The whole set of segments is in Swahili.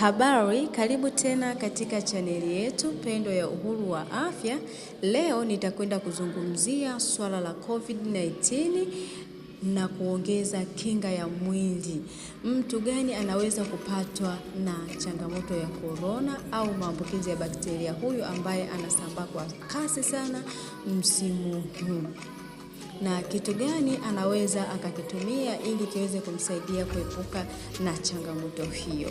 Habari, karibu tena katika chaneli yetu pendo ya Uhuru wa Afya. Leo nitakwenda kuzungumzia swala la COVID-19 na kuongeza kinga ya mwili. Mtu gani anaweza kupatwa na changamoto ya korona au maambukizi ya bakteria huyu ambaye anasambaa kwa kasi sana msimu huu, na kitu gani anaweza akakitumia ili kiweze kumsaidia kuepuka na changamoto hiyo?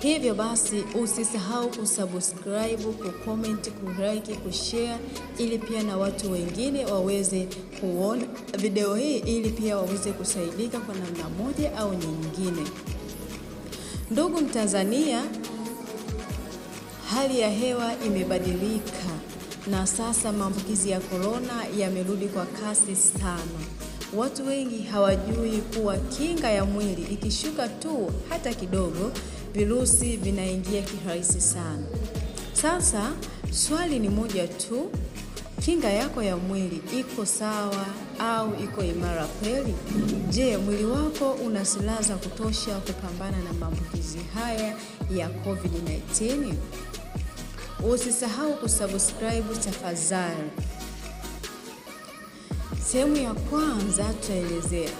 Hivyo basi usisahau kusubscribe, kucomment, kulike, kushare ili pia na watu wengine waweze kuona video hii ili pia waweze kusaidika kwa namna moja au nyingine. Ndugu Mtanzania, hali ya hewa imebadilika na sasa maambukizi ya korona yamerudi kwa kasi sana. Watu wengi hawajui kuwa kinga ya mwili ikishuka tu hata kidogo virusi vinaingia kirahisi sana. Sasa swali ni moja tu, kinga yako ya mwili iko sawa au iko imara kweli? Je, mwili wako una silaha za kutosha kupambana na maambukizi haya ya COVID-19? Usisahau kusubscribe tafadhali. Sehemu ya kwanza tutaelezea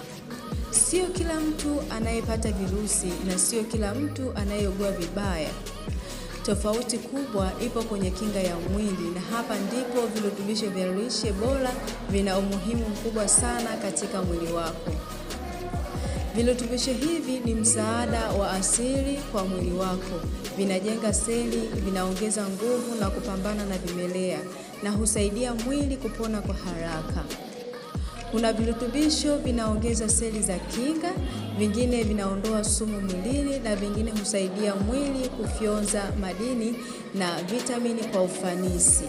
Sio kila mtu anayepata virusi na sio kila mtu anayeugua vibaya. Tofauti kubwa ipo kwenye kinga ya mwili, na hapa ndipo virutubisho vya lishe bora vina umuhimu mkubwa sana katika mwili wako. Virutubisho hivi ni msaada wa asili kwa mwili wako, vinajenga seli, vinaongeza nguvu na kupambana na vimelea, na husaidia mwili kupona kwa haraka. Kuna virutubisho vinaongeza seli za kinga, vingine vinaondoa sumu mwilini na vingine husaidia mwili kufyonza madini na vitamini kwa ufanisi.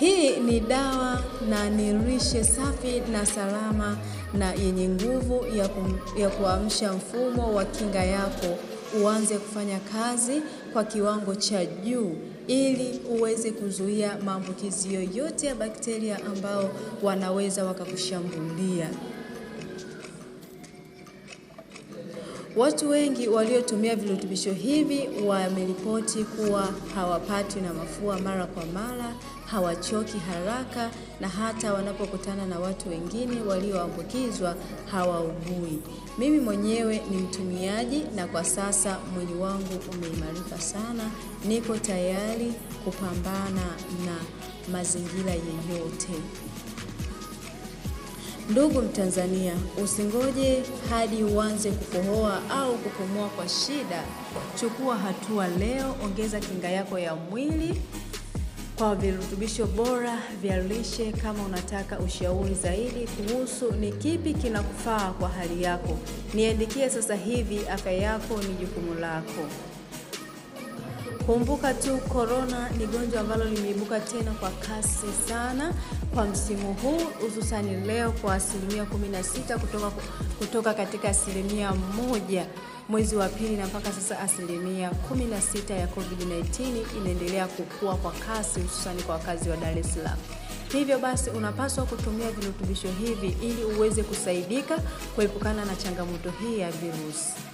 Hii ni dawa na ni lishe safi na salama na yenye nguvu ya, ya kuamsha mfumo wa kinga yako uanze kufanya kazi kwa kiwango cha juu ili uweze kuzuia maambukizi yoyote ya bakteria ambao wanaweza wakakushambulia. Watu wengi waliotumia virutubisho hivi wameripoti kuwa hawapatwi na mafua mara kwa mara, hawachoki haraka na hata wanapokutana na watu wengine walioambukizwa hawaugui. Mimi mwenyewe ni mtumiaji na kwa sasa mwili wangu umeimarika sana, niko tayari kupambana na mazingira yeyote. Ndugu Mtanzania, usingoje hadi uanze kukohoa au kupumua kwa shida. Chukua hatua leo, ongeza kinga yako ya mwili kwa virutubisho bora vya lishe. Kama unataka ushauri zaidi kuhusu ni kipi kinakufaa kwa hali yako, niandikie sasa hivi. Afya yako ni jukumu lako. Kumbuka tu korona ni gonjwa ambalo limeibuka tena kwa kasi sana kwa msimu huu, hususani leo kwa asilimia 16 kutoka, kutoka katika asilimia moja mwezi wa pili na mpaka sasa asilimia 16 ya COVID-19 inaendelea kukua kwa kasi hususani kwa wakazi wa Dar es Salaam. Hivyo basi unapaswa kutumia virutubisho hivi ili uweze kusaidika kuepukana na changamoto hii ya virusi.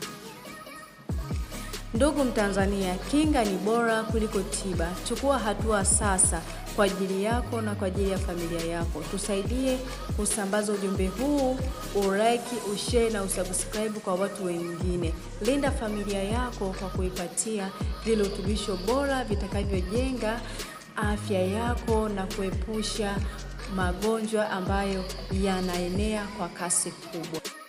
Ndugu Mtanzania, kinga ni bora kuliko tiba. Chukua hatua sasa kwa ajili yako na kwa ajili ya familia yako. Tusaidie kusambaza ujumbe huu, ulike, ushare na usubscribe kwa watu wengine. Linda familia yako kwa kuipatia virutubisho bora vitakavyojenga afya yako na kuepusha magonjwa ambayo yanaenea kwa kasi kubwa.